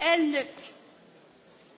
elnök!